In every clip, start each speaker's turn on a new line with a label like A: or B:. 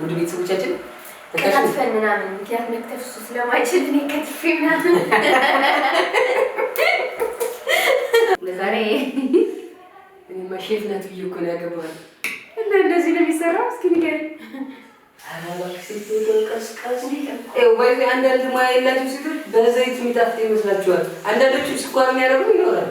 A: ውድ ቤተሰቦቻችን
B: ከታትፈን ምናምን ምክንያት መክተፍ እሱ ስለማይችል እኔ ከትፌ ምናምን ለዛሬ
A: እኔማ ብዬ እኮ ነው ያገባል
B: እና እንደዚህ ነው የሚሰራው። እስኪ ንገሪኝ።
A: አንዳንድ ሙያ የላቸው ሴቶች በዘይት የሚጣፍጥ ይመስላችኋል። አንዳንዶቹ ስኳር የሚያደርጉ ይኖራል።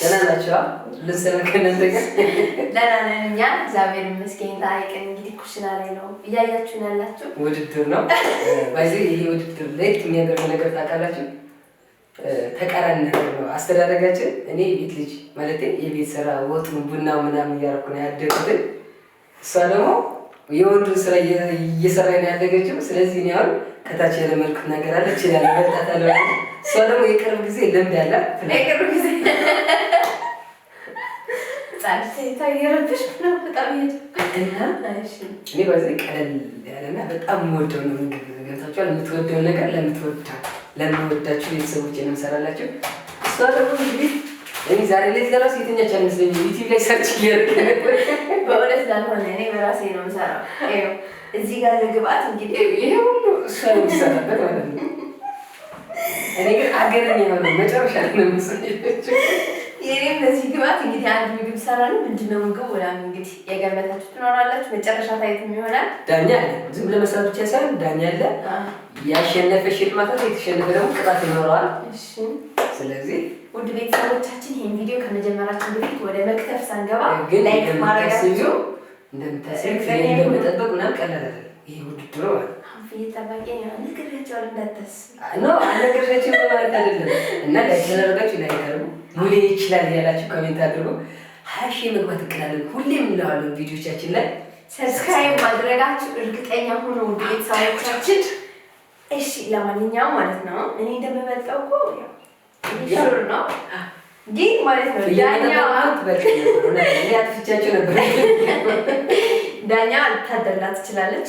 A: ደህና ናቸው። ልብስ ደህና
B: ነን እኛ እግዚአብሔር ይመስገን። ታሪቅን እንግዲህ ኩሽና ላይ ነው እያያችሁ ነው ያላችሁ።
A: ውድድር ነው በዚህ ይሄ ውድድር ለየት የሚያደርገው ነገር ታውቃላችሁ፣ ተቃራኒ ነገር ነው አስተዳደጋችን። እኔ ቤት ልጅ ማለት የቤት ስራ ወጡ ቡና ምናምን እያደረኩ ነው ያደጉትን፣ እሷ ደግሞ የወንዱን ስራ እየሰራ ነው ያደገችው። ስለዚህ እኔ አሁን ከታች የለመልኩት ነገር አለ ይችላል እሷ ደግሞ የቅርብ ጊዜ ልምድ ያላት
B: የቅርብ ጊዜ እኔ
A: በዚህ ቀለል ያለና በጣም የምወደው ነው ምግብ ገብታችኋል። የምትወደውን ነገር ለምትወዳ ለምወዳችሁ ቤተሰቦች የምሰራላቸው እሷ ደግሞ እንግዲህ እኔ ዛሬ ላይ ዘራሱ የተኛች አይመስለኝም። ዩቲዩብ ላይ ሰርች
B: በእውነት ላልሆነ እኔ በራሴ ነው የምሰራው። እዚህ ጋር ለግብአት እንግዲህ
A: ይሄ ሁሉ እሷ ነው የሚሰራበት ማለት ነው። እኔ ግን አገርን የሆነ መጨረሻ ነው ምስል
B: የኔም በዚህ ግባት እንግዲህ አንድ ምግብ ይሰራል። ነው ምግብ ወላም እንግዲህ የገመታችሁ ትኖራላችሁ። መጨረሻ ታየት ይሆናል።
A: ዳኛ አለ። ዝም ብለህ መስራት ብቻ ሳይሆን ዳኛ አለ። ያሸነፈ ሽልማታት፣ የተሸነፈ ደግሞ ቅጣት ይኖረዋል። ስለዚህ
B: ውድ ቤተሰቦቻችን ይህን ቪዲዮ ከመጀመራችን በፊት ወደ መክተፍ ሳንገባ
A: ግን ላይክ ማድረጋችሁ እንደምታሰብ እንደምጠበቅ ምናምን ቀላል ይሄ ውድድሮ ማለት
B: አይደለም
A: እና ያደረጋችሁ ላይቀርቡ ሙሌ ይችላል ያላችሁ ኮሜንት አድርጎ ሀያ ሺህ መግባት እቅዳለን። ሁሌም እንለዋለን ቪዲዮቻችን ላይ
B: ሰብስክራይብ ማድረጋችሁ እርግጠኛ ሆኖ ውድ ቤተሰቦቻችን። እሺ ለማንኛውም ማለት ነው እኔ እንደምመጣው እኮ ሹር ነው ግን ማለት ነው ዳኛ አልታደላት ትችላለች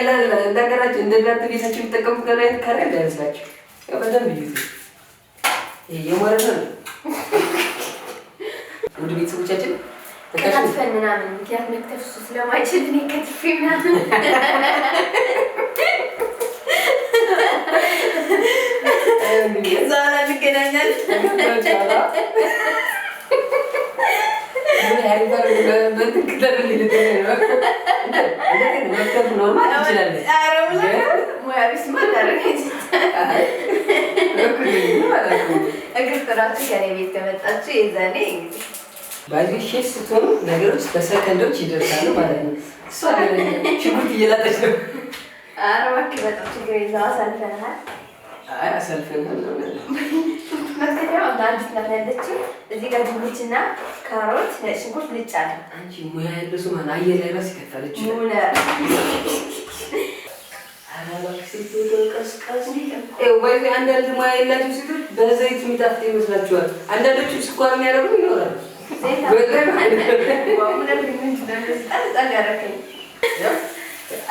A: ቀላል እንዳገራችሁ እንደናንተ ቤታችሁ የሚጠቀሙት ከረ አይነት ካሬ እንዳይመስላችሁ። በደንብ እዩ። ይሄ ነው። ውድ ቤተሰቦቻችን
B: ከትፈን ምናምን ምክንያት መክተፍ እሱ ስለማይችል እኔ ከትፌ ምናምን ዛላ
A: እንገናኛለን። እግር
B: ጥራችሁ ከኔ ቤት ከመጣችሁ የዛኔ
A: እንግዲህ ስትሆኑ ነገሮች በሰከንዶች ይደርሳሉ ማለት ነው። እሷ ሽጉጥ እየላጠች ነው።
B: ኧረ እባክህ በጣም ችግር የለውም አሳልፈናል።
A: አይ አሳልፈናል ነው
B: አሁን አንድ ስላለችው እዚህ ጋር ድንችና ካሮት፣ ሽንኩርት ልጫ ነው።
A: አንቺ ሙያ ያለሱ ማን አየር ላይ ራስ ይከፈለች ሙለ አንዳንድ ሙያ የላቸው ሴቶች በዘይት የሚጣፍጥ ይመስላችኋል። አንዳንዶቹ ስኳር የሚያደርጉ ይኖራል።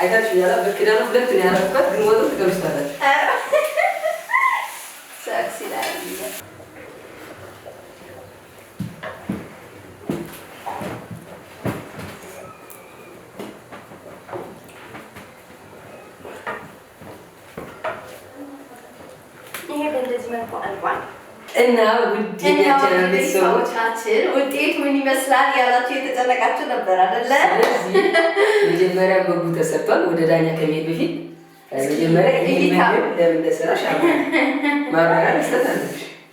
A: አይታችሁ ያላ በክዳኑ ሁለት ነው ያረኩበት ግን ወጡ ትገብስታላችሁ መልኩ እና ውድ
B: ሰዎቻችን ውጤቱ ምን ይመስላል ያላችሁ የተጨነቃችሁ ነበር አይደለ?
A: መጀመሪያ በጉ ተሰርቷል። ወደ ዳኛ ከመሄድ በፊት መጀመሪያ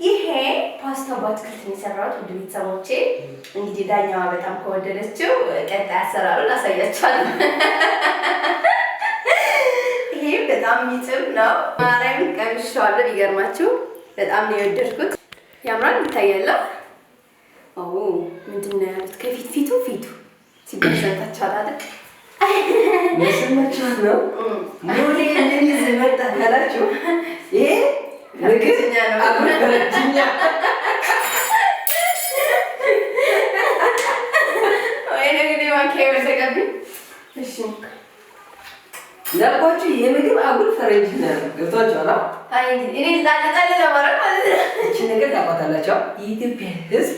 B: ይሄ ፓስታ በአትክልት የሚሰራሁት ውድ ቤተሰቦቼ፣ እንግዲህ ዳኛዋ በጣም ከወደደችው ቀጣይ አሰራሩን አሳያችኋል። በጣም የሚጥም ነው። ማርያምን ቀምሼዋለሁ። ቢገርማችሁ በጣም ነው የወደድኩት። ያምራል፣ ይታያል። ምንድን ነው ያሉት? ከፊት ፊቱ ፊቱ ሲበሰታችኋል አይደል?
A: የሰማችሁት ነው። ይሄ ምግብ እንዳልኳቸው ይሄ ምግብ አጉል ፈረንጅ ነው።
B: አይ እኔ ማለት ነው።
A: እቺ ነገር ታውቃታላችሁ። የኢትዮጵያ ህዝብ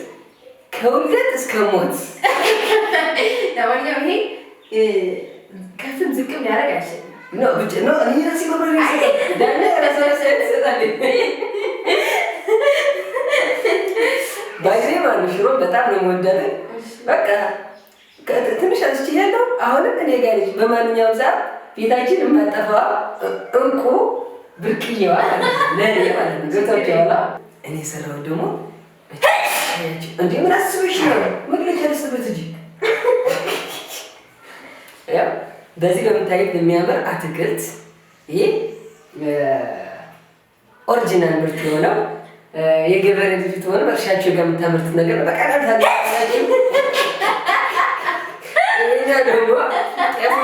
A: ከውልደት እስከ ሞት ለማንኛውም ከፍም ዝቅም ሊያደርግ አይችልም። ነው ብቻ ነው እኔ ራሴ ሽሮ በጣም ነው የምወዳት። በቃ ትንሽ አንስቼ ያለው አሁንም እኔ ጋር በማንኛውም ሰዓት ቤታችን የማጠፋ እንቁ ብርቅዬዋ ለእኔ ማለት ነው። ገብታችሁ በኋላ እኔ የሰራሁት ደግሞ እንዴ ምን አስበሽ ነው? መግለጫ ያለስበት እጅ በዚህ በምታየት የሚያምር አትክልት ይህ ኦሪጂናል ምርት የሆነው የገበሬ ልጅት ሆነ እርሻቸው ጋር የምታመርት ነገር በቃ ደግሞ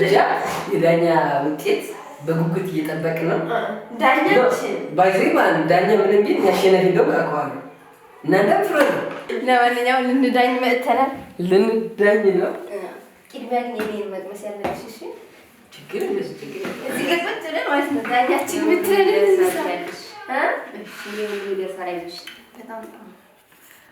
A: ብቻ የዳኛ ውጤት በጉጉት እየጠበቅን ነው።
B: ዳኛችን
A: ባይዘ ማለት ነው። ዳኛ ምን ቢል ያሸነፍ እንደው አውቀዋለሁ። እናንተ ፍረዱ።
B: ለማንኛውም ልንዳኝ መጥተናል።
A: ልንዳኝ ነው።
B: ቅድሚያ ግን የኔን መቅመስ ያለብሽ። እሺ፣
A: ችግር እዚህ
B: ገፈት ብለን ማለት ነው። ዳኛችን ምትል እ በጣም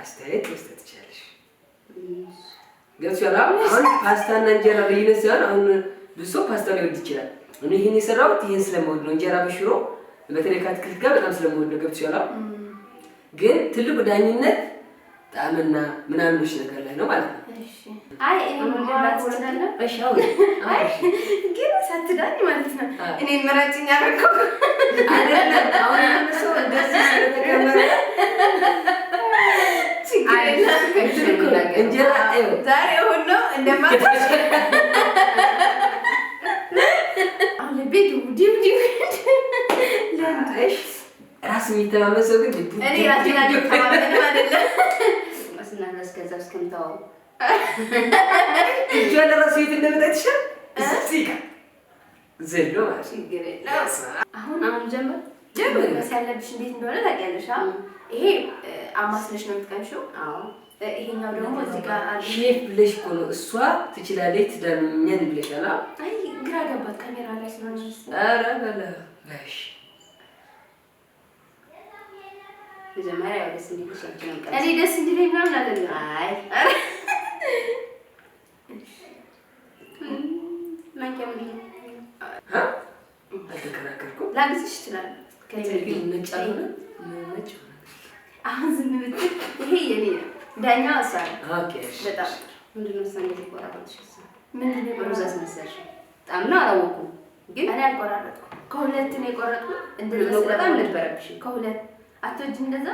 A: አስተያየት መስጠት ትችላለሽ። ገብቶሻል? አሁን ፓስታና እንጀራ ልዩነት ሲሆን አሁን ብዙ ሰው ፓስታ ሊወድ ይችላል። እኔ ይህን የሰራሁት ይህን ስለመወድ ነው። እንጀራ በሽሮ በተለይ ከአትክልት ጋር በጣም ስለመወድ ነው። ገብቶሻል? ግን ትልቁ ዳኝነት ጣዕምና ምናምኖች ነገር ላይ ነው ማለት ነው።
B: ግን ሳትዳኝ ማለት ነው። እኔን መራጭኝ አደረኩ
A: አይደለም አሁን ሰው እንደዚህ ስለተገመረ
B: ዛሬ እሑድ ነው።
A: ራስ የሚተማመሰው ግን
B: እኔ ራሴን አልተማመንም አይደለም ስና እስከዛ እስከምታወሩ
A: እጇ ለራሱ የት እንደመጣች ዘሎ
B: አሁን አሁን ጀምር ጀምር ያለብሽ እንዴት እንደሆነ ታውቂያለሽ። ይሄ አማስለሽ ነው የምትቀንሺው ይሄኛው ደግሞ እዚህ ጋር አለ።
A: ሼፍ ብለሽ እኮ ነው እሷ ትችላለች ትዳምኛን ብለሻል።
B: አይ ግራ ገባት ካሜራ ላይ ስለሆነ።
A: ኧረ በለ ጋሽ
B: መጀመሪያ ደስ እንዲልሽ እኔ ደስ እንዲለኝ ምናምን አይደለም። አይ ማንኪያ ምንድን ነው?
A: አልተከራከርኩም።
B: ላግዝሽ ይችላል።
A: ከዚህ ግን ነጭ አልሆነ ነጭ
B: አሁን ዝም ብትል ይሄ የኔ ነው ዳኛ አሳል
A: ኦኬ። በጣም
B: ምንድን ነው ሰኔ ተቆራረጥሽ? ምንድን ነው ሮዛ ግን እኔ አልቆራረጥኩም። ከሁለት ነው የቆረጥኩት።
A: እንደዛ በጣም ነበረብሽ።
B: ከሁለት አትወጂም? እንደዛ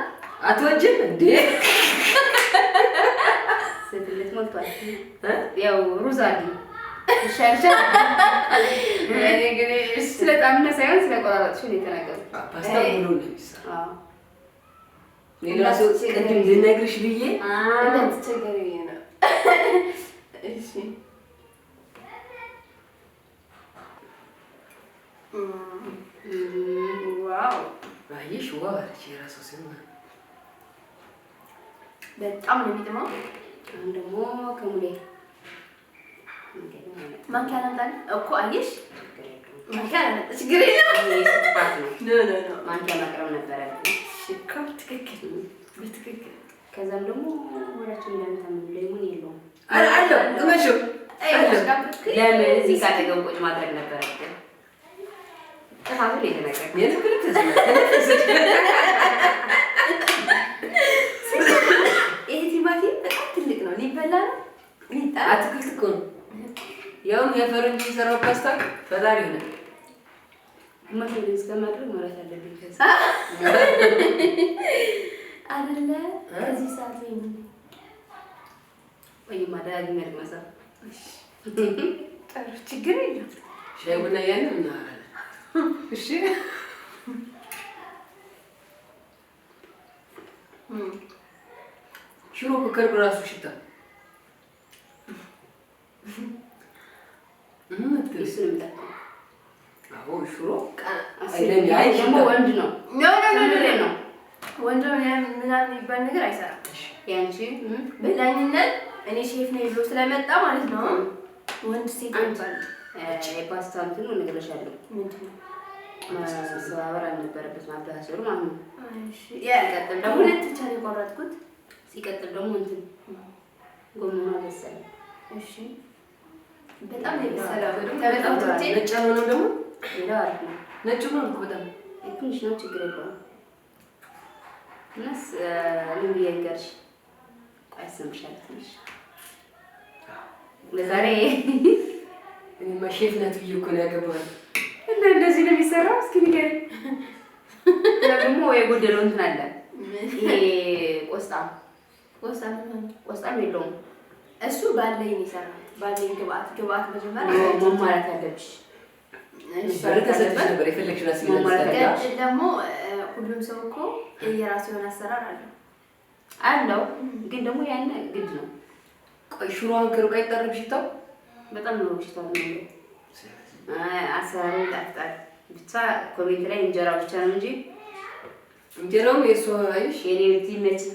B: አትወጂም ስትልት ሞልቷል። ያው ሩዝ አለኝ ይሻልሻል። እኔ ሳይሆን ስለቆራረጥሽ ነው የተናገርኩት።
A: ፓስታ ብሎ ነው የሚሰራው ቅድም ልነግርሽ ብዬ አየሽ፣ ዋው አለች። የራሱ ስም
B: በጣም ነው የሚጥመው። አሁን ደግሞ ከሙሌ ማንኪያ ላምጣልህ እኮ አየሽ፣ ማንኪያ ችግር የለም። ማንኪያ ማቅረብ ነበረ ሽካው ትክክል ነው በትክክል ከዛም ደግሞ ወራችን እንዳንታም ለምን የለውም
A: አለ አለ እመሹ ለምን እዚህ ጋር ተገቦጭ ማድረግ ነበር ጥፋቱን የተነቀቅ
B: ይሄ ቲማቲም በጣም ትልቅ ነው። ሊበላ
A: ነው። አትክልት እኮ ነው። ያውም የፈረንጅ የሰራው ፓስታ በጣም ይሆናል
B: መቶ እስከ ማድረግ ማለት አለብኝ። አይደለ ከዚህ ሰዓት ላይ ወይም ማዳግ መልመሳ ጥሩ ችግር የለም።
A: ሻይ ቡና ያለ ምናምን እሺ ሽሮ ከከርብ ራሱ ሽታ እሱንም ጠቅም ወንድ
B: ነው ነው ወንድ ነው ምናምን የሚባል ነገር አይሰራም። ያንቺ በላኝነት እኔ ሼፍ ነኝ ብሎ ስለመጣ ማለት ነው ወንድ ሴት ይባል ፓስታ እንትን እነግርሻለሁ ማለት ነው። ሲቀጥል ብቻ ነው የቆረጥኩት። ሲቀጥል ደግሞ እንትን ጎመኗ በሰለ። እሺ በጣም የበሰለ በጣም ደግሞ ሌላ አሪፍ ነው።
A: ነጭ ሆን በጣም
B: ትንሽ ነው፣ ችግር የለውም። እናስ ምን ብዬ ልንገርሽ? ትንሽ ለዛሬ
A: እኔማ ሼፍ ናት ብዬሽ እኮ ነው ያገባሁት።
B: እና እንደዚህ ነው የሚሰራው። እስኪ ንገሪኝ። ደግሞ የጎደለው እንትን አለ። ይሄ ቆስጣ ቆስጣ ቆስጣም የለውም እሱ ባለኝ ይሰራል። ባለኝ ግብአት ግብአት መጀመሪያ
A: ማለት አለብሽ
B: ደግሞ ሁሉም ሰው እኮ የራሱ የሆነ አሰራር አለው አለው፣ ግን ደግሞ ያን ግድ ነው።
A: ቆይ ሽሮ አንክሩ ጋር ይጠርብ ሽታው
B: በጣም ነው ሽታው ነው። አሰራሩ ይጣፍጣል። ብቻ ኮሜንት ላይ እንጀራ ብቻ ነው እንጂ
A: እንጀራው የእሱ አይሽ
B: የኔ ልጅ ይመች።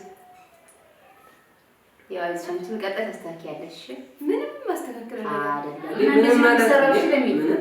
B: ያው እሷን ቀጣይ ታስተካክያለሽ። ምንም ማስተካከል አይደለም። ምንም ማስተካከል አይደለም።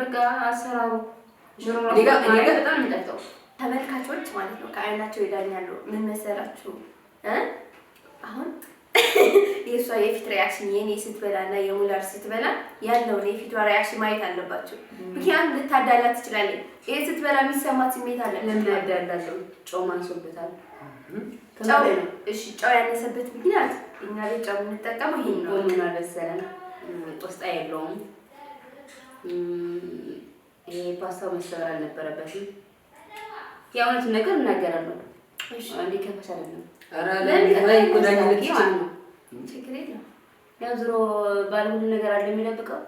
B: በቃ አሰራሩ
A: በጣም
B: ተመልካቾች ማለት ነው። ከአይናቸው ይዳኛሉ። ምን መሰላችሁ? አሁን የእሷ የፊት ሪያክሽን የኔ ስትበላ እና የሙላር ስትበላ ያለውን የፊቷ ሪያክሽን ማየት አለባቸው። ምክንያቱም ልታዳላ ትችላለች። ይሄ ስትበላ የሚሰማት ስሜት አለ። ለምን ጨው ማንሶበታል። እሺ ጨው ያነሰበት ምክንያት እኛ ቤት ጨው የምንጠቀመው ይሄ ነው። ቆስጣ የለውም ይሄ ፓስታው መሰበር አልነበረበትም። የእውነት ነገር እናገራለሁ። አንዴ ከፈሳ ችግር የለም። ያው ዞሮ ባለ ሁሉ ነገር አለ የሚለብቀው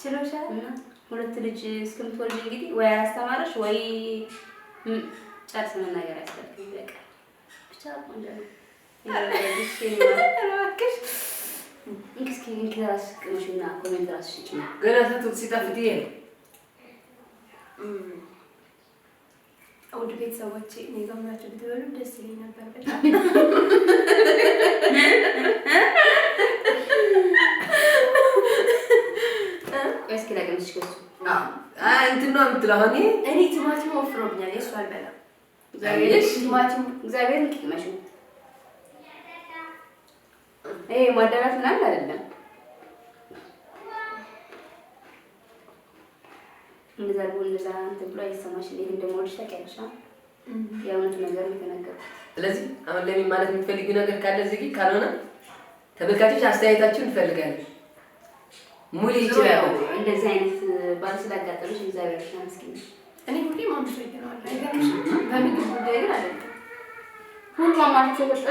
B: ችሎሻል። ሁለት ልጅ እስከምትወልድ እንግዲህ ወይ አላስተማረሽ ወይ ጨርስ መናገር ያስፈልግ። በቃ ብቻ ቆንጆ ነው። እስኪ ራስ ቅመሽና ኮሜንት ራስ ሽጭ
A: ገና ትቱት ሲጠፍት ይሄ ነው።
B: ውድ ቤተሰቦቼ እኔ ገምራችሁ ብትበሉ ደስ ይለኝ ነበር በጣም እስኪ ለቀምሽ ከሱ
A: እንትና ምትለው
B: እኔ ቲማቲም ወፍሮብኛል። የሱ አልበላም እግዚአብሔር እግዚአብሔር ቅመሽ ይሄ ማዳራት ምናምን አይደለም። እንደዛ እንደዛ ብሎ አይሰማሽ። ታውቂያለሽ። የእውነት ነገር ነው
A: ስለዚህ አሁን ማለት የምትፈልጊው ነገር ካለ ዝጊ፣ ካልሆነ ተመልካቾች አስተያየታችሁን እንፈልጋለን። ሙሉ ይችላል።
B: እንደዚህ አይነት ባል ስላጋጠመሽ እግዚአብሔር ይመስገን። እኔ ሁሌ ማምሽ ይገናል በምግብ ጉዳይ ግን ሁሉ ተጠሽ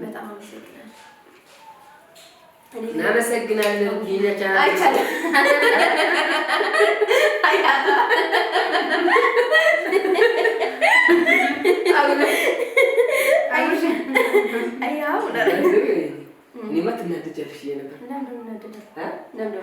B: በጣም አመሰግናለሁ።
A: እናመሰግናለን። እኔማ ትናደጃለሽ ነበር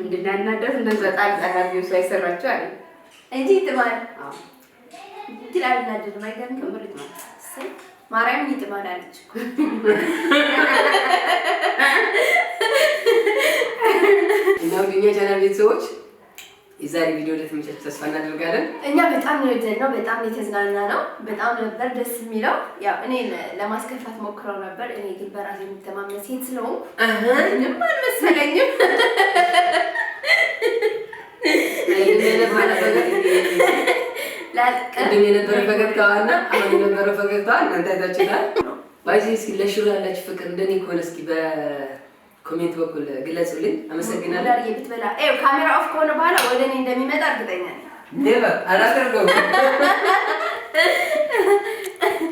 A: እንድናናደፍ እንደዛ ጣል ጣል አድርጊው አለ
B: እንጂ ይጥማል። አዎ ይችላል። እናደድም ከምር ማርያም ይጥማል አለች እኮ
A: እና ወደኛ ቻናል ቤተሰቦች የዛሬ ቪዲዮ እንደተመቻችሁ ተስፋ እናደርጋለን።
B: እኛ በጣም የወደድ ነው፣ በጣም የተዝናና ነው፣ በጣም ነበር ደስ የሚለው። ያው እኔ ለማስከፋት ሞክረው ነበር። እኔ ግን በራሴ የሚተማመን ሴት ስለሆንኩ ምንም አልመሰለኝም።
A: ቅድም የነበረ ፈገግታዋና አሁን የነበረ ፈገግታዋ እናንተ አይታችኋል። ባይዜ እስኪ ለሹ ላላችሁ ፍቅር እንደኔ ከሆነ እስኪ በ ኮሜንት በኩል ግለጹልን። አመሰግናለሁ።
B: ብትበላ ካሜራ ኦፍ ከሆነ በኋላ ወደ እኔ እንደሚመጣ እርግጠኛ ነኝ።